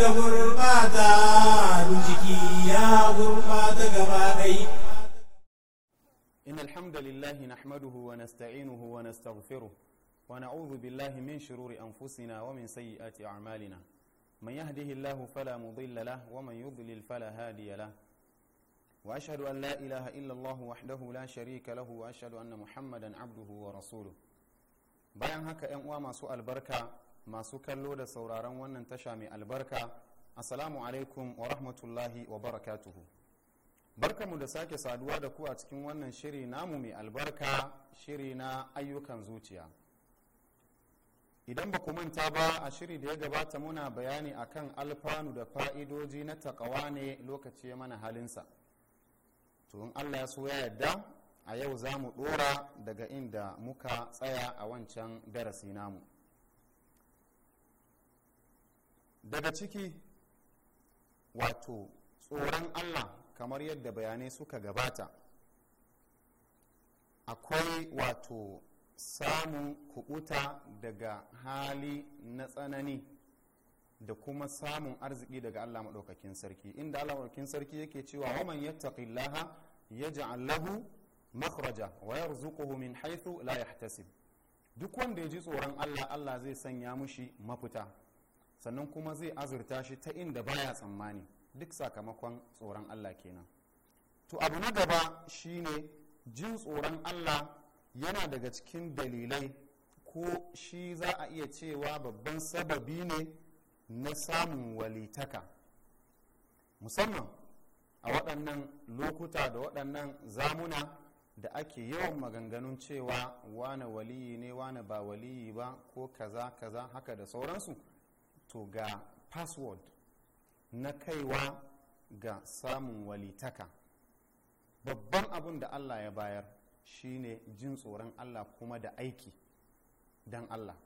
da gurbata jiki ya gurbata gaba ɗai إن الحمد لله نحمده ونستعينه ونستغفره ونعوذ بالله من شرور أنفسنا ومن سيئات أعمالنا من يهده الله فلا مضل له ومن يضلل فلا هادي له وأشهد أن لا إله إلا الله وحده لا شريك له وأشهد أن محمدا عبده ورسوله bayan haka 'yan uwa masu albarka masu kallo da sauraron wannan tasha mai albarka assalamu alaikum wa rahmatullahi wa barakatuhu barkamu da sake saduwa da ku a cikin wannan shiri namu mai albarka shiri na ayyukan zuciya idan ba ku manta ba a shiri da ya gabata muna bayani akan alfanu da fa'idoji na takawa ne lokaci mana halinsa to in allah ya so ya yadda, a yau za mu dora daga inda muka tsaya a wancan darasi namu daga ciki wato tsoron allah kamar yadda bayanai suka gabata akwai wato samun kubuta daga hali na tsanani da kuma samun arziki daga allah maɗaukakin sarki inda allah maɗaukakin sarki yake cewa waman ya yaj'al lahu makhraja wa yarzuquhu min haythu la yahtasib duk wanda ya ji tsoron allah allah zai sanya mushi mafita sannan kuma zai azurta shi ta inda baya tsammani duk sakamakon tsoron allah kenan to abu na gaba shine jin tsoron allah yana daga cikin dalilai ko shi za a iya cewa babban sababi ne na samun walitaka musamman a waɗannan lokuta da waɗannan zamuna da ake yawan maganganun cewa wane waliyi ne wane ba waliyi ba ko kaza kaza haka da sauransu to ga password na kaiwa ga samun walitaka babban abin da allah ya bayar shine jin tsoron allah kuma da aiki don allah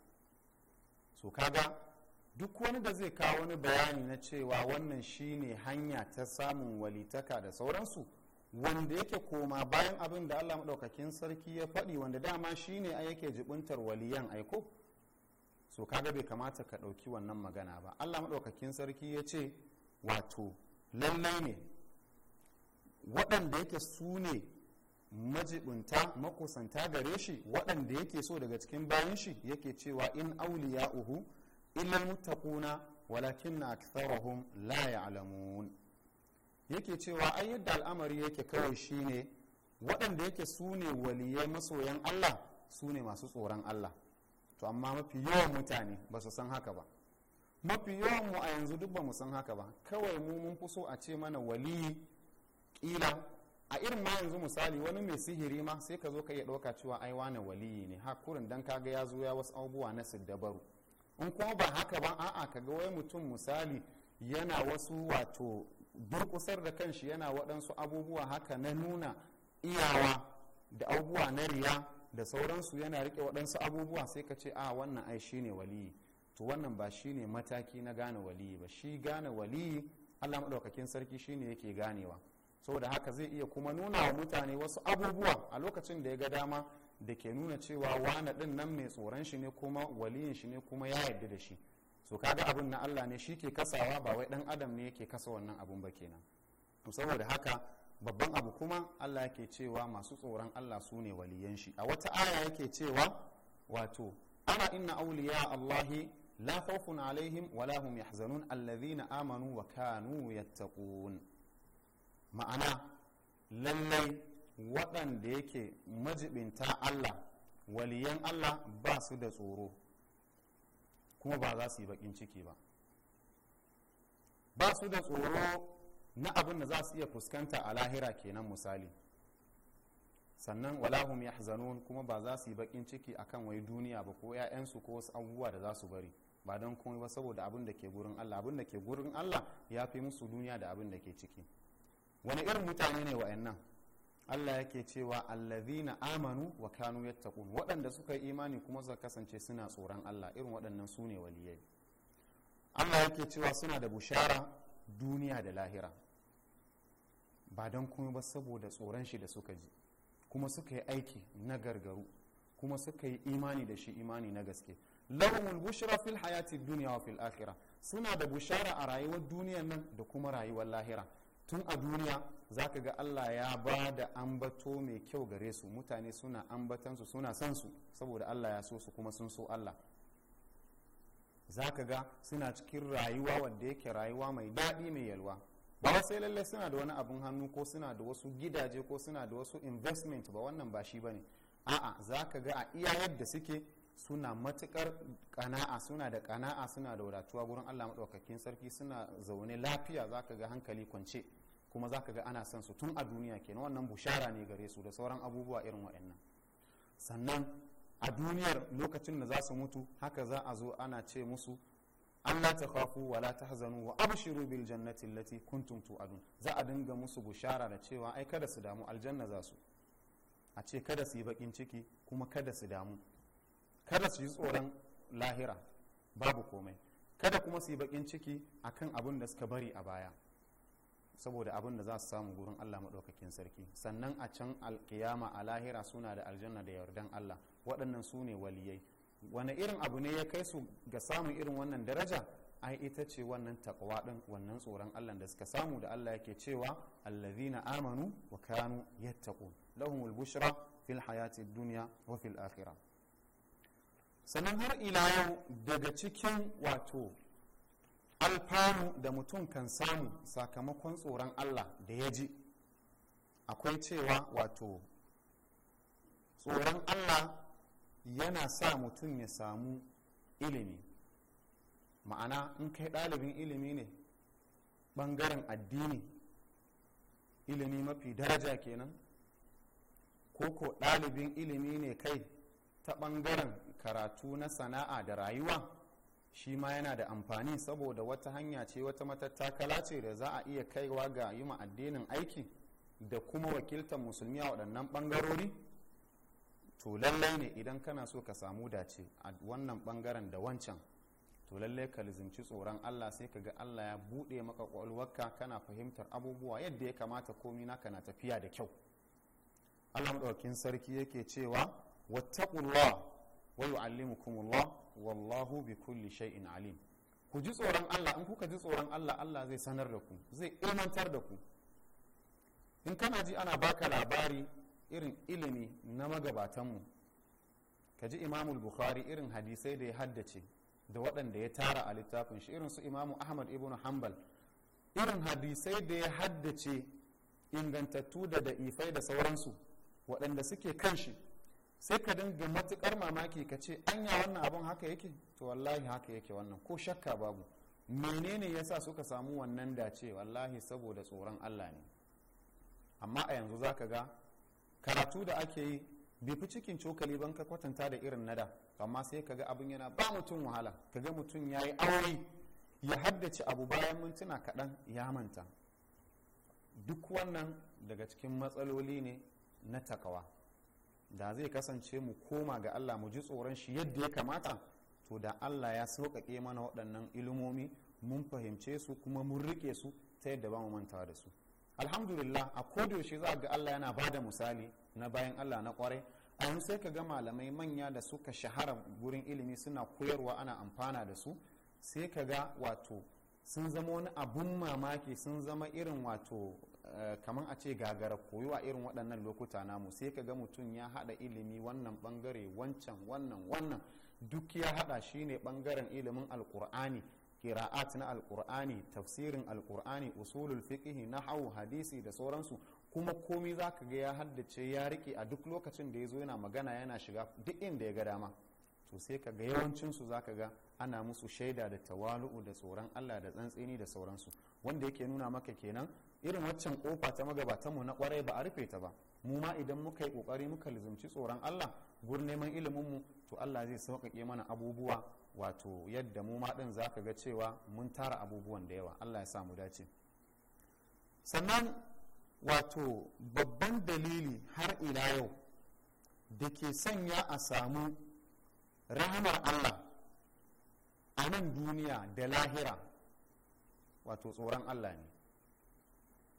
so kaga duk wani da zai kawo wani bayani na cewa wannan shine hanya ta samun walitaka da sauransu wanda yake koma bayan abin da allah maɗaukakin sarki ya faɗi wanda dama shine a yake jibuntar waliyan aiko so kaga bai kamata ka ɗauki wannan magana ba allah maɗaukakin sarki ya ce wato lallai ne waɗanda yake su ne majibinta makusanta gare shi waɗanda yake so daga cikin bayan shi yake cewa in auliya uhu ilal mutakuna walakin na aktharahum la ya'lamun yake cewa ai yadda al'amari yake kawai shine waɗanda yake su ne waliyai masoyan Allah su ne masu tsoron Allah to amma mafi yawan mutane ba su san haka ba mafi yawan mu a yanzu duk ba mu san haka ba kawai mu mun fi so a ce mana wali kila a irin ma yanzu misali wani mai sihiri ma sai ka zo ka iya ɗauka cewa ai wani waliyi ne hakurin dan kaga ya zo ya wasu abubuwa na siddabaru in kuma ba haka ba a'a ka ga wai mutum misali yana wasu wato durkusar da kanshi yana waɗansu abubuwa haka na nuna iyawa da abubuwa na riya da sauransu yana rike waɗansu abubuwa sai ka ce a ah, wannan ai shine waliyi to wannan ba shine mataki na gane waliyi ba shi gane waliyi allah maɗaukakin sarki shine yake ganewa saboda haka zai iya kuma nuna wa mutane wasu abubuwa a lokacin da ya ga dama da ke nuna cewa wane ɗin nan mai tsoron shi ne kuma waliyin shi ne kuma ya yarda da shi so kaga abin na allah ne shi ke kasawa ba wai ɗan adam ne yake kasa wannan abun ba kenan to saboda haka babban abu kuma allah yake cewa masu tsoron allah su ne waliyan shi a wata aya yake cewa wato ana inna auliya allahi la khawfun alaihim la hum yahzanun alladhina amanu wa kanu yattaqun ma'ana lallai waɗanda yake majibinta allah waliyan allah ba su da tsoro kuma ba za su yi bakin ciki ba ba su da tsoro na abin da za su iya fuskanta a lahira kenan misali sannan walahum yahzanun kuma ba za su yi bakin ciki akan wai duniya ba ko 'ya'yansu ko wasu abubuwa da za su bari ba don kuma ba saboda abin da ke gurin Allah abin da ke gurin Allah ya fi musu duniya da abin da ke ciki wani irin mutane ne wa'annan Allah yake cewa allazina amanu wa kanu yattaqun waɗanda suka yi imani kuma suka kasance suna tsoron Allah irin waɗannan su ne waliyai Allah yake cewa suna da bushara duniya da lahira ba don kuma ba saboda tsoron shi da suka ji kuma suka yi aiki na gargaru kuma suka yi imani da shi imani na gaske lahumul bushara fil hayati dunya wa fil akhirah suna da bushara a rayuwar duniya nan da kuma rayuwar lahira tun a duniya zaka ga Allah ya ba da ambato mai kyau gare su mutane suna ambatansu suna son su saboda Allah ya so su kuma sun so Allah zaka ga suna cikin rayuwa wanda yake rayuwa mai daɗi mai yalwa ba sai lalle suna da wani abin hannu ko suna da wasu gidaje ko suna da wasu investment ba wannan ba shi bane a'a za ka ga a iya yadda suke suna matukar kana'a suna da kana'a suna da wadatuwa gurin Allah maɗaukakin sarki suna zaune lafiya za ka ga hankali kwance kuma za ka ga ana son su tun a duniya kenan wannan bushara ne gare su da sauran abubuwa irin waɗannan sannan a duniyar lokacin da za su mutu haka za a zo ana ce musu an la kwafu wa la tahzanu wa abshiru bil jannati lati kuntum adun za a dinga musu bushara da cewa ai kada su damu aljanna za su a ce kada su yi bakin ciki kuma kada su damu kada su yi tsoron lahira babu komai kada kuma su yi bakin ciki akan abin da suka bari a baya saboda abin da za su samu gurin Allah maɗaukakin sarki sannan a can alkiyama a lahira suna da aljanna da yardan Allah waɗannan su ne waliyai wani irin abu ne ya kai su ga samun irin wannan daraja ai ita ce wannan takwa din wannan tsoron Allah da suka samu da Allah yake cewa allazina amanu wa kanu yattaqun lahumul bushra fil hayati dunya wa fil sannan har ila yau daga cikin wato alfanu da mutum kan samu sakamakon tsoron Allah da ya ji akwai cewa wato tsoron Allah yana sa mutum ya samu ilimi ma'ana in kai ɗalibin ilimi ne ɓangaren addini ilimi mafi daraja kenan ko ko ɗalibin ilimi ne kai ta ɓangaren karatu na sana'a da rayuwa shi ma yana da amfani saboda wata hanya ce wata matattakala ce da za a iya kaiwa ga yi addinin aiki da kuma wakiltar musulmi a waɗannan ɓangarori to lallai ne idan kana so ka samu dace a wannan bangaren da wancan to lallai ka lizinci tsoron Allah sai ka ga Allah ya buɗe maka ƙwaƙwalwarka kana fahimtar abubuwa yadda ya kamata komi naka na tafiya da kyau Allah ɗaukin sarki yake cewa wattaqullah wa yu'allimukumullah wallahu bi kulli shay'in alim ku ji tsoron Allah in kuka ji tsoron Allah Allah zai sanar da ku zai ilmantar da ku in kana ji ana baka labari irin ilimi na magabatanmu ka ji imamul bukhari irin hadisai da ya haddace da waɗanda ya tara a littafin shi irin su imamu ahmad ibn hanbal irin hadisai da ya haddace ingantattu da da'ifai da sauransu waɗanda suke kan shi sai ka dinga matukar mamaki ka ce anya wannan abin haka yake to wallahi haka yake wannan ko shakka babu menene yasa suka samu wannan dace wallahi saboda tsoron allah ne amma a yanzu za ka ga karatu da ake yi bai fi cikin cokali ban ka kwatanta da irin nada amma sai ka ga abin yana ba mutum wahala ga mutum ya yi aure ya haddace abu bayan mintuna kaɗan ya manta duk wannan daga cikin matsaloli ne na takawa da zai kasance mu koma ga allah mu ji tsoron shi yadda ya kamata to da allah ya sauƙaƙe mana waɗannan ilimomi mun fahimce su kuma mun riƙe su ta yadda ba mu mantawa da su alhamdulillah a kodayaushe za ga allah yana bada misali na bayan allah na kwarai a yanzu sai ka ga malamai manya da suka shahara gurin ilimi suna koyarwa ana amfana da su sai ka ga wato sun zama wani abun mamaki sun zama irin wato eh, kamar a ce gagara koyo a irin waɗannan lokuta namu sai ka ga mutum ya haɗa ilimi wannan bangare wancan wannan wannan duk ya haɗa shi ne ɓangaren ilimin alkur'ani kira'at na alkur'ani tafsirin alkur'ani usulul na nahwu hadisi da sauransu kuma komi za ka ga ya haddace ya rike a duk lokacin da ya zo yana magana yana shiga duk inda ya ga dama to sai ka ga yawancinsu za ka ga ana musu shaida da tawalu'u da tsoron allah da tsantsini da sauransu wanda yake nuna maka kenan irin waccan kofa ta magabatanmu na kwarai ba a rufe ta ba mu ma idan muka yi kokari muka lizumci tsoron allah gurin neman iliminmu to allah zai sauƙaƙe mana abubuwa wato yadda mu ma din ka ga cewa mun tara abubuwan da yawa Allah ya sa dace sannan wato babban dalili har ila yau da ke sanya a samu rahamar Allah a nan duniya da lahira wato tsoron Allah ne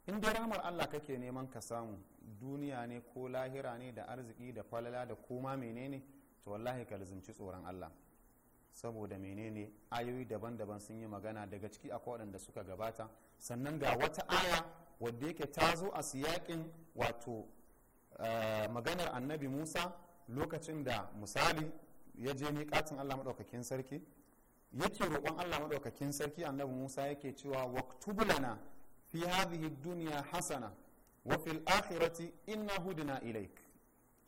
in dai rahamar Allah kake neman ka samu duniya ne ko lahira ne da arziki da falala da koma menene to wallahi ka lizinci tsoron Allah saboda menene ayoyi daban-daban sun yi magana daga ciki akwai waɗanda suka gabata sannan ga wata aya wadda yake ta zo a siyakin wato eh, maganar annabi musa lokacin da misali ya je katin allah maɗaukakin sarki yake roƙon allah maɗaukakin sarki annabi musa yake cewa waktubulana fi hadhihi duniya hasana wa fil akhirati inna na ilaik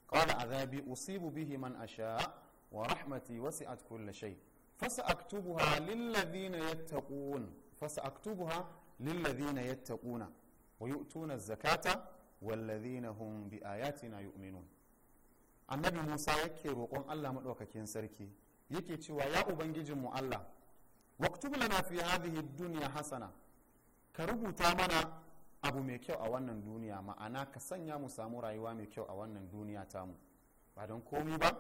qala azabi usibu bihi man asha wa rahmati wasi'at kulla shay fasaktubuha ah. lilladhina yattaqun fasaktubuha lilladhina yattaquna wa yu'tuna az-zakata walladhina hum biayatina yu'minun annabi Musa yake roƙon Allah madaukakin sarki yake cewa ya ubangijin mu Allah waktub lana fi hadhihi dunya hasana ka rubuta mana abu mai kyau a wannan duniya ma'ana ka sanya mu samu rayuwa mai kyau a wannan duniya mu, ba don komi ba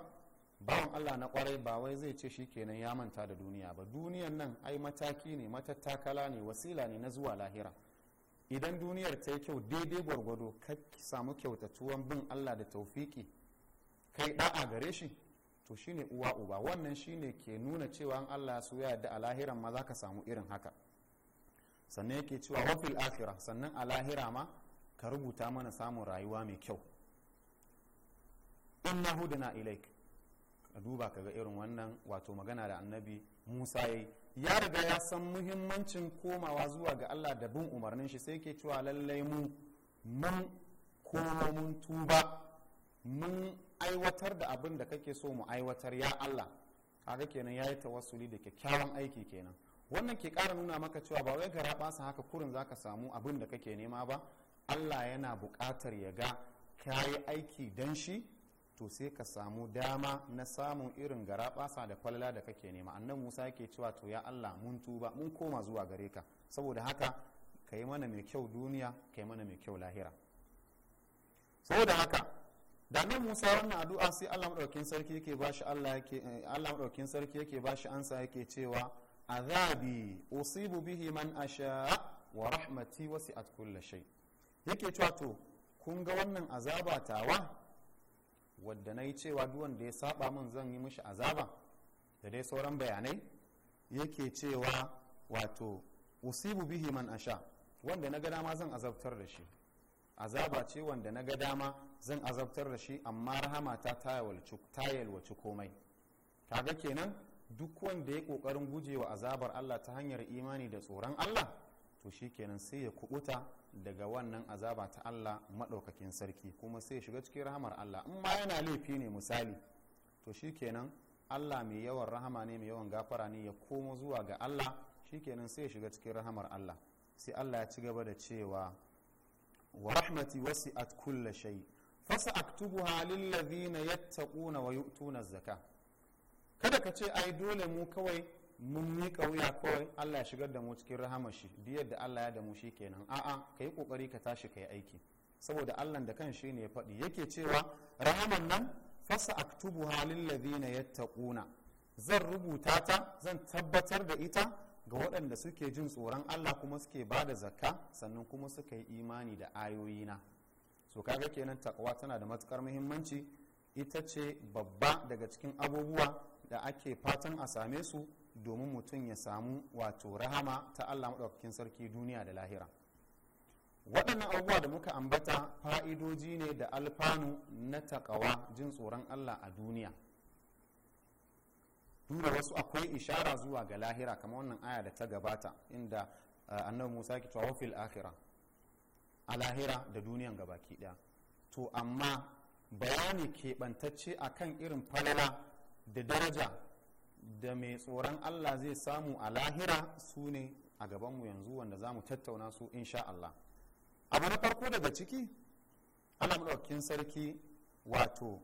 bawan allah na kwarai ba wai zai ce shi kenan ya manta da duniya ba duniyan nan ai mataki ne matattakala ne wasila ne na zuwa lahira idan duniyar ta yi kyau daidai gwargwado ka samu kyautatuwan bin allah da taufiki kai da'a gare shi to shine uwa uba wannan shine ke nuna cewa an allah su ya da a lahiran ma za ka samu irin haka sannan yake cewa wafil afira sannan a lahira ma ka rubuta mana samun rayuwa mai kyau innahu dana ilaik ka duba ka ga irin wannan wato magana da annabi musa ya yi. ya riga ya san muhimmancin komawa zuwa ga allah da bin umarnin shi sai ke cewa lallai mu mun komo mun tuba mun aiwatar da abin da kake so mu aiwatar ya allah kaga kenan ya yi tawassuli da kyakkyawan aiki kenan wannan ke kara nuna maka cewa ba wai gara basa haka kurin zaka samu abin da kake nema ba allah yana buƙatar ya ga ka yi aiki don shi to sai ka samu dama na samun irin garaɓasa da falala da kake nema annan musa yake cewa to ya allah mun tuba mun koma zuwa gare ka saboda haka ka yi mana mai kyau duniya ka yi mana mai kyau lahira saboda haka da nan musa wannan addu'a sai allah maɗaukin sarki yake ba shi allah yake allah maɗaukin sarki yake ba shi ansa yake cewa azabi usibu bihi man asha wa rahmati wasi'at kulli shay yake cewa to kun ga wannan azaba tawa wadda na yi cewa duwanda wanda ya saba min zan yi mishi azaba da dai sauran bayanai yake cewa wato usibu bihi man asha wanda na ga dama zan azabtar da shi azaba ce wanda na ga dama zan azabtar da shi amma rahama ta tayalwaci komai kaga kenan duk wanda ya kokarin gujewa azabar Allah ta hanyar imani da tsoron Allah to shi kenan sai ya kubuta daga wannan azaba ta Allah maɗaukakin sarki kuma sai shiga cikin rahamar Allah in ma yana laifi ne misali to shikenan Allah mai yawan rahama ne mai yawan gafara ne ya komo zuwa ga Allah shikenan sai shiga cikin rahamar Allah sai Allah ya ci gaba da cewa wa rahmati wasi'at kulla shay fasa'aktubuha lil ladina yattaquna wa yu'tuna zakka kada ka ce ai dole mu kawai mun miƙa wuya kawai Allah ya shigar da mu cikin rahamar shi biyar da Allah ya damu shi kenan a'a ka yi ƙoƙari ka tashi ka yi aiki saboda Allah da kan shi ne ya faɗi yake cewa rahamar nan fasa aktubu halin ya yattaquna zan rubuta ta zan tabbatar da ita ga waɗanda suke jin tsoron Allah kuma suke ba da zakka sannan kuma suka yi imani da ayoyina so kaga kenan takwa tana da matukar muhimmanci ita ce babba daga cikin abubuwa da ake fatan a same su domin mutum ya samu wato rahama ta allah maɗaukakin sarki duniya da lahira waɗannan abubuwa da muka ambata fa'idoji ne da alfanu na taƙawa jin tsoron allah a duniya dura wasu akwai ishara zuwa ga lahira kama wannan aya da ta gabata inda eh, annabi musa ki cewa fil akhira a lahira da duniyan gabaki ɗaya to amma bayani keɓantacce akan irin falala da daraja da mai tsoron Allah zai samu a lahira su ne a gabanmu yanzu wanda za mu tattauna su insha Allah abu na farko daga ciki Allah maɗaukin sarki wato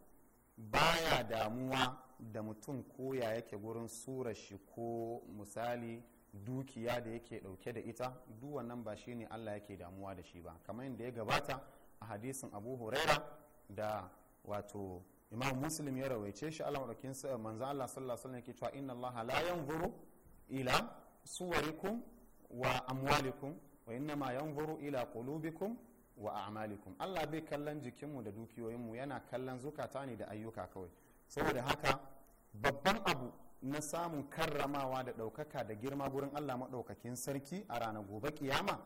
baya damuwa da mutum koya yake gurin sura shi ko misali dukiya da yake ɗauke da ita duk wannan ba shi ne Allah yake damuwa da shi ba kamar yadda ya gabata a hadisin abu huraira da wato imam muslim ya rawaice shi Allah madaukin manzan Allah sallallahu alaihi wasallam yake cewa inna Allah la yanzuru ila suwarikum wa amwalikum wa inna ma yanzuru ila qulubikum wa a'malikum Allah bai kallon jikinmu da dukiyoyinmu yana kallon zukata ne da ayyuka kawai saboda haka babban abu na samun karramawa da ɗaukaka da girma gurin Allah maɗaukakin sarki a ranar gobe kiyama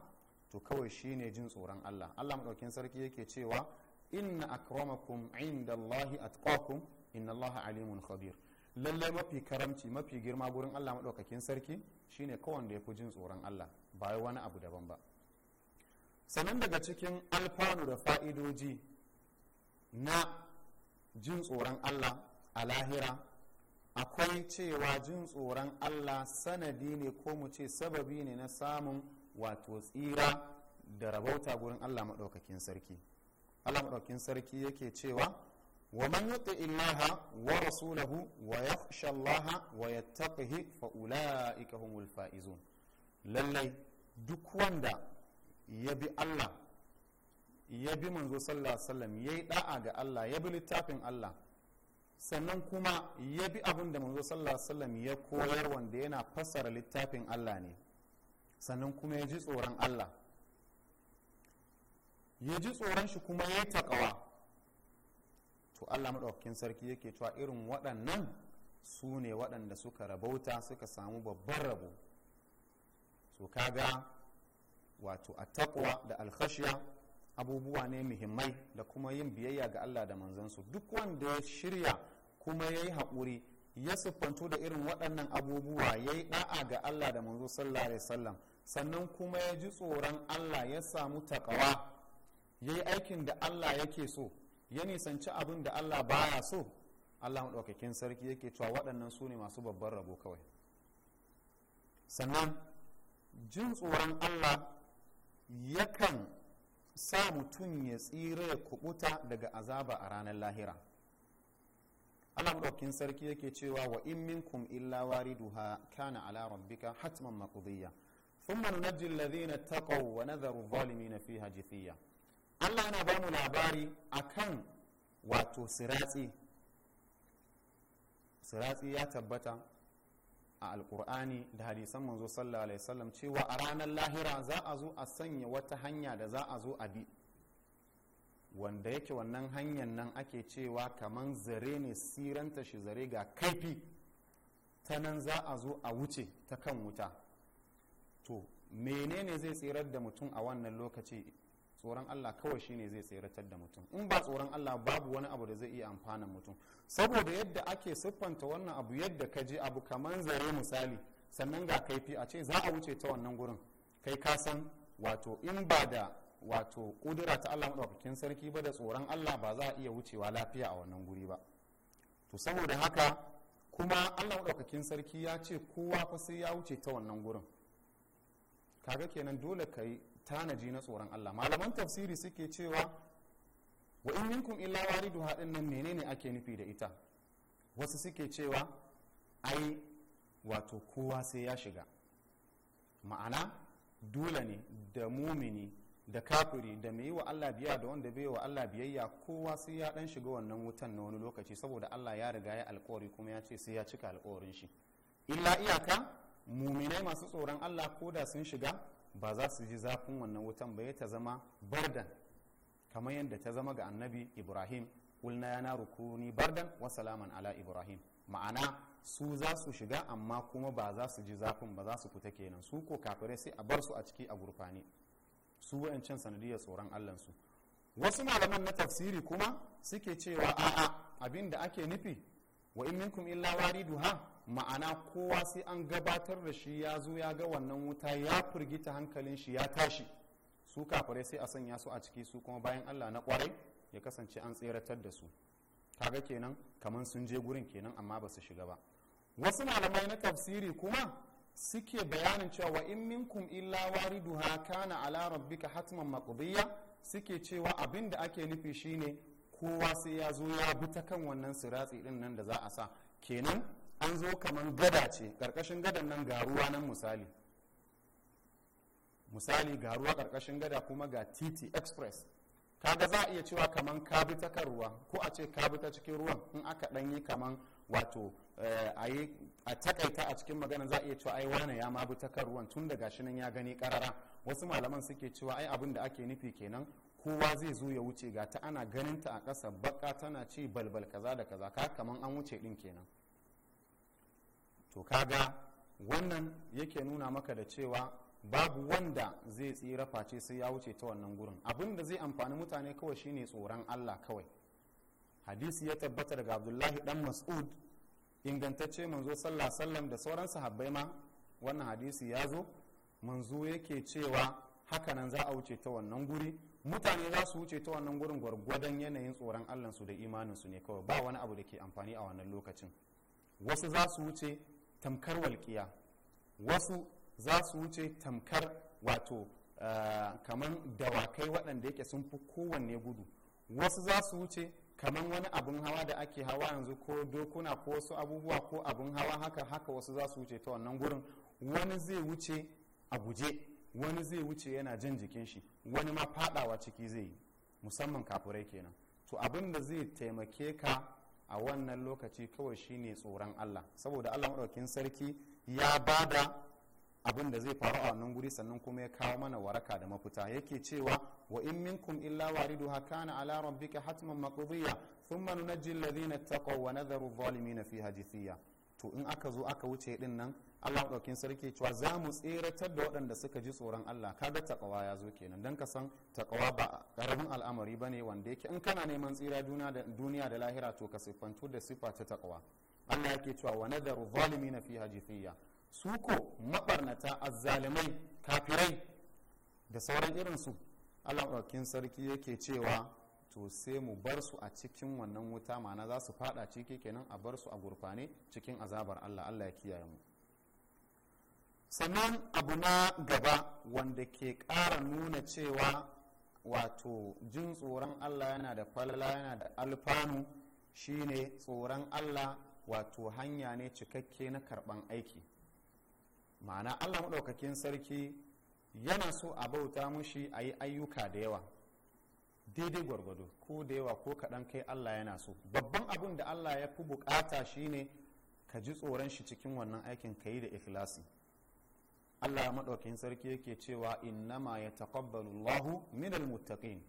to kawai shine jin tsoron Allah Allah maɗaukakin sarki yake cewa inna akramakum inda Allahi atqakum inna Allah alimun khabir lallai mafi karamci mafi girma gurin Allah madaukakin sarki shine kowanne ya fi jin tsoron Allah ba wani abu daban ba sanan daga cikin alfanu da fa'idoji na jin tsoron Allah a lahira akwai cewa jin tsoron Allah sanadi ne ko mu ce sababi ne na samun wato tsira da rabauta gurin Allah maɗaukakin sarki Allah madaukin sarki yake cewa wa man yuti illaha wa rasulahu wa yakhsha Allah wa yattaqihi fa ulaika humul faizun lallai duk wanda ya bi Allah ya bi manzo sallallahu alaihi wasallam yayi da'a ga Allah ya bi littafin Allah sannan kuma ya bi abin da manzo sallallahu alaihi wasallam ya koyar wanda yana fassara littafin Allah ne sannan kuma ya ji tsoron Allah ya ji tsoron shi kuma ya taƙawa to allah maɗaukakin sarki yake cewa irin waɗannan su ne waɗanda suka rabauta suka samu babban rabo to kaga wato a taƙwa da alkhashiya abubuwa ne muhimmai da kuma yin biyayya ga allah da manzansu duk wanda ya shirya kuma ya yi haƙuri ya siffantu da irin waɗannan abubuwa ya yi ɗa'a ga allah da manzo sallallahu alaihi wasallam sannan kuma ya ji tsoron allah ya samu takawa. ya yi aikin da allah yake so ya nisanci abin da allah baya so allah maɗaukakin sarki yake cewa waɗannan su ne masu babban rabo kawai sannan jin tsoron allah yakan sa mutum ya tsira ya kubuta daga azaba a ranar lahira allah maɗaukakin sarki yake cewa wa in minkum illa wariduha kana ala rabbika hatman maqdiya ثم ننجي taqaw wa nadharu الظالمين fiha jithiya allah yana ba mu labari akan wato siratsi siratsi ya tabbata a alkur'ani da hadisan manzo sallallahu alaihi wasallam cewa a ranar lahira za a zo a sanya wata hanya da za a zo a bi wanda yake wannan hanyar nan ake cewa kaman zare ne siranta shi zare ga kaifi ta nan za a zo a wuce ta kan wuta to menene zai tsirar da mutum a wannan lokaci tsoron Allah kawai shine zai tseratar da mutum in ba tsoron Allah babu wani abu da zai iya amfana mutum saboda yadda ake siffanta wannan abu yadda ka je abu kaman zare misali sannan ga kaifi a ce za a wuce ta wannan gurin kai ka san wato in ba da wato kudura ta Allah madaukakin sarki ba da tsoron Allah ba za a iya wucewa lafiya a wannan guri ba to saboda haka kuma Allah madaukakin sarki ya ce kowa fa sai ya wuce ta wannan gurin kaga kenan dole ka tanaji na tsoron Allah malaman tafsiri suke cewa wa in minkum illa waridu hadin nan menene ake nufi da ita wasu suke cewa ai wato kowa sai ya shiga ma'ana dole ne da mumini da kafiri da mai wa Allah biya da wanda bai wa Allah biyayya kowa sai ya dan shiga wannan wutan na wani lokaci saboda Allah ya riga ya alkawari kuma ya ce sai ya cika alkawarin shi illa iyaka muminai masu tsoron Allah ko da sun shiga ba za su ji zafin wannan wutan ba ya ta zama bardan kamar yadda ta zama ga annabi ibrahim ulna na rukuni bardan wa salaman ala ibrahim ma'ana su za su shiga amma kuma ba za su ji zafin ba za su fita kenan su ko kafirai sai a bar su a ciki a gurfani su wa'ancan sanadiyar tsoron allansu wasu malaman na tafsiri kuma suke cewa a'a abinda da ake nufi wa in minkum illa wariduha ma'ana kowa sai an gabatar da shi ya zo ya ga wannan wuta ya firgita hankalin shi ya tashi su kafirai sai a sanya su a ciki su kuma bayan allah na kwarai ya kasance an tseratar da su kaga kenan kamar sun je gurin kenan amma ba su shiga ba wasu malamai na tafsiri kuma suke bayanin cewa wa in minkum illa wariduha kana ala rabbika hatman maqdiya suke cewa abin da ake nufi shine kowa sai ya zo ya bi ta kan wannan siratsi din nan da za a sa kenan an zo kamar gada ce karkashin gadan nan ga ruwa nan misali misali ga ruwa karkashin gada kuma ga titi express kaga za a iya cewa kaman ka bi ta kan ruwa ko a ce ka bi ta cikin ruwan in aka ɗan yi kaman wato eh, a takaita a cikin magana za a iya cewa ai wane ya ma bi ta kan ruwan tun daga shi nan ya gani karara wasu malaman suke cewa ai abin da ake nufi kenan kowa zai zo ya wuce ga ta ana ganin ta a ƙasa baka tana ci balbal kaza da kaza ka kaman an wuce din kenan to kaga wannan yake nuna maka da cewa babu wanda zai tsira face sai ya wuce ta wannan gurin abin da zai amfani mutane kawai shine tsoron allah kawai hadisi ya tabbata daga abdullahi dan mas'ud ingantacce manzo sallah sallam da sauran sahabbai ma wannan hadisi ya zo manzo yake cewa hakanan za a wuce ta wannan guri mutane za su wuce ta wannan gurin gwargwadon yanayin tsoron Allah su da imaninsu ne kawai ba wani abu da ke amfani a wannan lokacin wasu za su wuce tamkar walƙiya wasu za su wuce tamkar wato eh, kamar dawakai waɗanda yake sun fi kowanne gudu wasu za su wuce kamar wani abin hawa da ake hawa yanzu ko dokuna ko wasu abubuwa ko abin hawa haka haka wasu za su wuce ta wannan gurin wani zai wuce a guje wani zai wuce yana jin jikin shi wani ma fadawa ciki zai yi musamman kafurai kenan to abin da zai taimake ka a wannan lokaci kawai shine tsoron Allah saboda Allah maɗaukin sarki ya bada abin da zai faru a wannan guri sannan kuma ya kawo mana waraka da mafita yake cewa wa in minkum illa waridu kana ala rabbika hatman maqdiya thumma nunajji alladhina taqaw wa nadharu adh-dhalimina fiha jithiya to in aka zo aka wuce din nan Allah ɗaukin sarki cewa za mu tseratar da waɗanda suka ji tsoron Allah kaga takawa ya zo kenan don ka san takawa ba ƙaramin al'amari ba ne wanda yake in kana neman tsira duniya da lahira to ka siffantu da siffa ta takawa Allah yake cewa wa nadaru na fi hajifiyya su ko mabarnata azzalimai kafirai da sauran irin su Allah ɗaukin sarki yake cewa to sai mu bar su a cikin wannan wuta ma'ana za su fada ciki kenan a bar su a gurfane cikin azabar Allah Allah ya kiyaye mu sannan abu na gaba wanda ke ƙara nuna cewa wato jin tsoron allah yana da falala yana da alfanu shine tsoron allah wato hanya ne cikakke na karɓan aiki ma'ana allah maɗaukakin sarki yana so a bauta mushi a yi ayyuka da yawa daidai gwargwado ko da yawa ko kaɗan kai allah yana so babban abin da allah ya fi bukata shine ka ji tsoron shi cikin wannan aikin ka yi da ikhlasi Allah maɗaukin sarki yake cewa innama ya taqabbalu Allahu minal muttaqin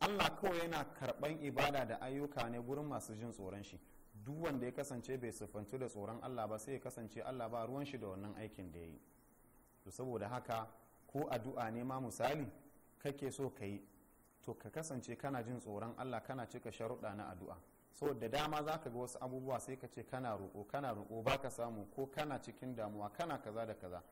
Allah kawai yana karɓan ibada da ayyuka ne gurin masu jin tsoron shi duk wanda ya kasance bai siffantu da tsoron Allah ba sai ya kasance Allah ba ruwan shi da wannan aikin da ya yi to saboda haka ko addu'a ne ma misali kake so ka yi to ka kasance kana jin tsoron Allah kana cika sharuɗa na addu'a saboda dama za ka ga wasu abubuwa sai ka ce kana roƙo kana roƙo ba ka samu ko kana cikin damuwa kana kaza da kaza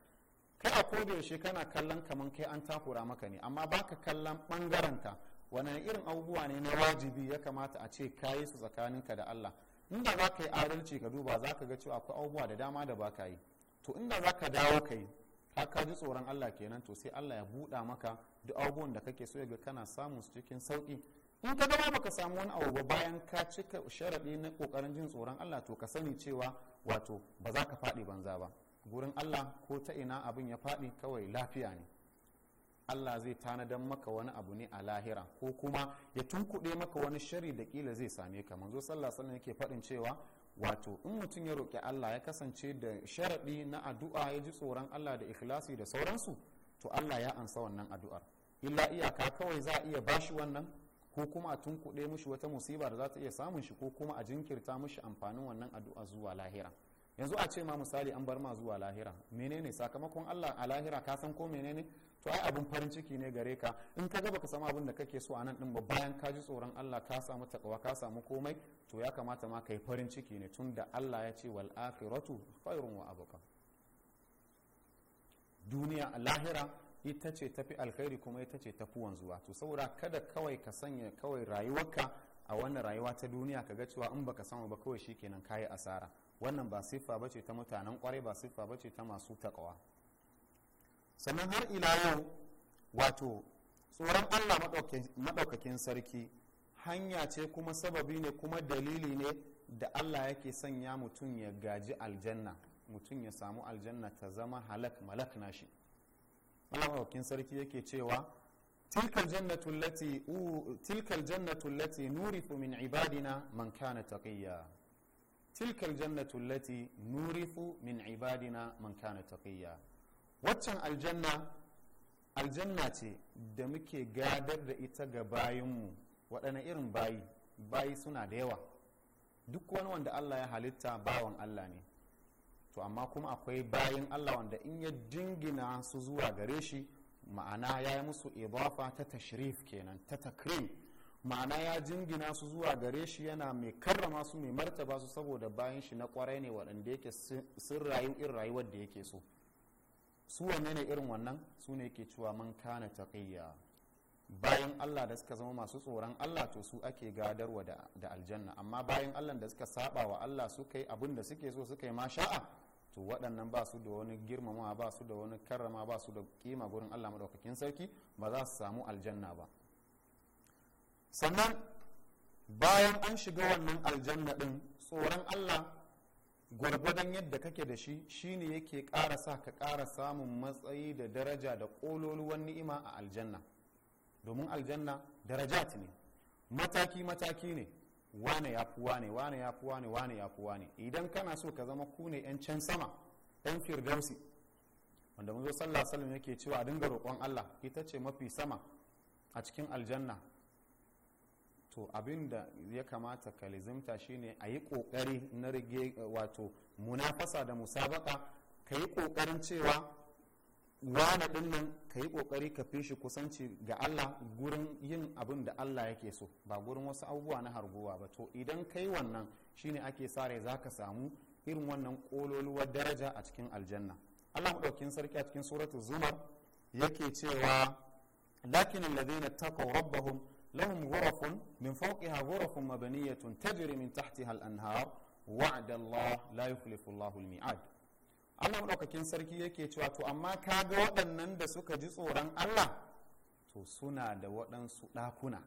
kai a koda yaushe kana kallon kaman kai an takura maka ne amma baka kallon bangarenka wani irin abubuwa ne na wajibi ya kamata a ce kayi su tsakaninka da Allah inda za ka yi adalci ka duba za ka ga cewa akwai abubuwa da dama da baka yi to inda za ka dawo ka yi ka ji tsoron Allah kenan to sai Allah ya buɗa maka duk abubuwan da kake so ya ga kana samun su cikin sauƙi in ka gama baka samu wani abu ba bayan ka cika sharaɗi na ƙoƙarin jin tsoron Allah to ka sani cewa wato ba za ka faɗi banza ba gurin allah ko ta ina abin ya faɗi kawai lafiya ne allah zai tanadan maka wani abu ne a lahira ko kuma ya tunkuɗe maka wani shari da ƙila zai same ka manzo sallah sallah yake faɗin cewa wato in mutum ya roƙi allah ya kasance da sharaɗi na addu'a ya ji tsoron allah da ikhlasi da sauransu to allah ya ansa wannan addu'ar illa iyaka kawai za a iya bashi wannan ko kuma a tunkuɗe mushi wata musiba da za ta iya samun shi ko kuma a jinkirta mushi amfanin wannan addu'a zuwa lahira yanzu a ce ma misali an bar ma zuwa lahira menene sakamakon Allah a lahira ka san ko menene to ai abun farin ciki ne gare ka in ka ga baka samu abin da kake so a nan din ba bayan ka ji tsoron Allah ka samu takawa ka samu komai to ya kamata ma kai farin ciki ne tun da Allah ya ce wal akhiratu khairun wa abqa duniya a lahira ita ce tafi alkhairi kuma ita ce tafi wanzuwa to saboda kada kawai ka sanya kawai rayuwarka a wannan rayuwa ta duniya ka ga cewa in baka samu ba kawai shikenan yi asara wannan ba siffa ba ce ta mutanen kwarai ba siffa ba ce ta masu takawa sannan har ila yau wato tsoron allah maɗaukakin sarki hanya ce kuma sababi ne kuma dalili ne da allah yake sanya mutum ya gaji aljanna mutum ya samu aljanna ta zama halak malak nashi allah maɗaukakin sarki yake cewa tilkal jannatu lati min ibadina man kana taqiyya tilkal jannatu lati nurithu min ibadina man kana taqiyya waccan aljanna aljanna ce da muke gadar da ita ga bayanmu wadana irin bayi bayi suna da yawa duk wani wanda Allah ya halitta bawan Allah ne to amma kuma akwai bayin Allah wanda in ya dingina su zuwa gare shi ma'ana ya yi musu idafa ta tashrif kenan ta takrim ma'ana ya jingina su zuwa gare shi yana mai karrama su mai martaba su saboda bayan shi na kwarai ne waɗanda yake sun rayu irin rayuwar da yake so su wanne ne irin wannan su ne yake cewa man kana taqiyya bayan Allah da suka zama masu tsoron Allah to su ake gadarwa da aljanna amma bayan Allah da suka saba wa Allah suka yi abin da suke so suka yi ma sha'a to waɗannan ba su da wani girmamawa ba su da wani karrama ba su da kima gurin Allah madaukakin sarki ba za su samu aljanna ba sannan bayan an shiga wannan aljanna din tsoron allah gwargwadon yadda kake da shi shine yake ƙara sa ka ƙara samun matsayi da daraja da ƙololuwan ni'ima a aljanna domin aljanna daraja ne mataki-mataki ne wane ya fi wane wane ya fi wane wane ya fi wane idan kana so ka zama ku ne 'yan can sama 'yan firdausi wanda mun zo sallah sallam yake cewa dinga roƙon allah ita ce mafi sama a cikin aljanna to abin da ya kamata ka lizimta shine a yi kokari na rige wato munafasa da musabaka ka yi kokarin cewa wane nan ka yi kokari ka fi shi kusanci ga Allah gurin yin abin da Allah yake so ba gurin wasu abubuwa na harguwa ba to idan kai wannan shine ake sare za ka samu irin wannan ƙololuwar daraja a cikin aljanna Allah maɗaukin sarki a cikin suratul zumar yake cewa lakin alladhina taqaw rabbahum لهم غرف من فوقها غرف مبنية تجري من تحتها الأنهار وعد الله لا يخلف الله الميعاد Allah maɗaukakin sarki yake cewa to amma ka ga waɗannan da suka ji tsoron Allah to suna da waɗansu ɗakuna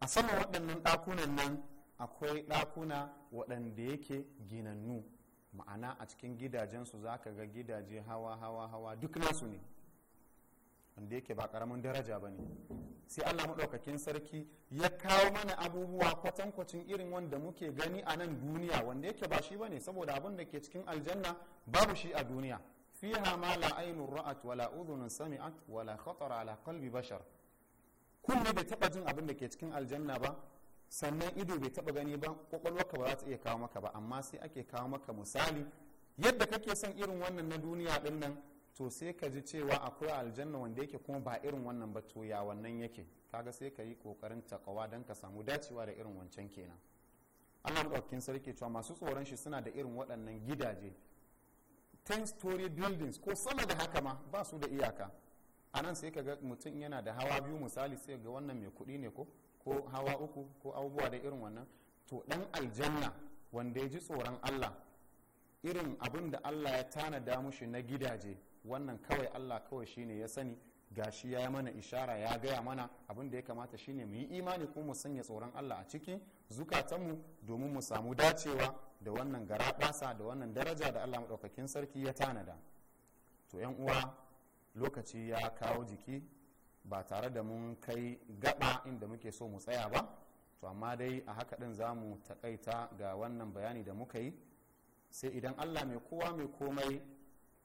a sama waɗannan ɗakunan nan akwai ɗakuna waɗanda yake ginannu ma'ana a cikin gidajensu za ka ga gidaje hawa hawa hawa duk nasu ne wanda yake ba karamin daraja ba ne sai allah maɗaukakin sarki ya kawo mana abubuwa kwatankwacin irin wanda muke gani a nan duniya wanda yake ba shi ba ne saboda abin da ke cikin aljanna babu shi a duniya fiha ma la ainun ra'at wala udhunun sami'at wala khatara ala qalbi bashar kullu bai taba jin abin da ke cikin aljanna ba sannan ido bai taba gani ba kwakwalwarka ba za ta iya kawo maka ba amma sai ake kawo maka misali yadda kake son irin wannan na duniya din nan to sai ka ji cewa akwai aljanna wanda yake kuma ba irin wannan ba to ya wannan yake kaga sai ka yi kokarin takawa don ka samu dacewa da irin wancan kenan Allah ɗaukin sarki cewa masu tsoron shi suna da irin waɗannan gidaje ten story buildings ko sama da haka ma ba su da iyaka a nan sai ka ga mutum yana da hawa biyu misali sai ga wannan mai kuɗi ne ko ko hawa uku ko abubuwa da irin wannan to ɗan aljanna wanda ya ji tsoron Allah irin abin da Allah ya tanada mushi na gidaje wannan kawai Allah kawai shine ya sani gashi ya mana ishara ya gaya mana abin da ya kamata shine mu yi imani ko mu sanya tsoron Allah a ciki zukatanmu domin mu samu dacewa da wannan garaɓasa da wannan daraja da Allah maɗaukakin sarki ya tanada to yan uwa lokaci ya kawo jiki ba tare da mun kai gaba inda muke so mu tsaya ba to amma dai a haka ɗin za mu taƙaita ga wannan bayani da muka yi sai idan Allah mai kowa mai komai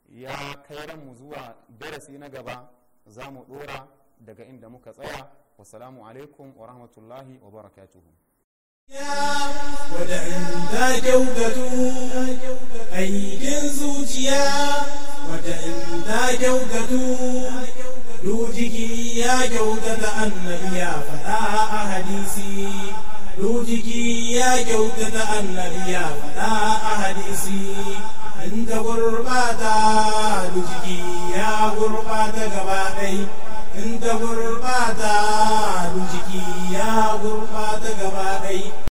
ya kai mu zuwa darasi na gaba za mu dora daga inda muka tsaya wasalamu alaikum wa rahmatullahi wa barakatuhu wada'inda kyautatu aikin zuciya wada'inda kyautatu dujiki ya kyautata annabi ya faɗa a hadisi dujiki ya kyautata annabi ya faɗa a hadisi in ta gurbata da jiki ya gurbata gaba ɗai in ta gurbata da jiki ya gurbata gaba ɗai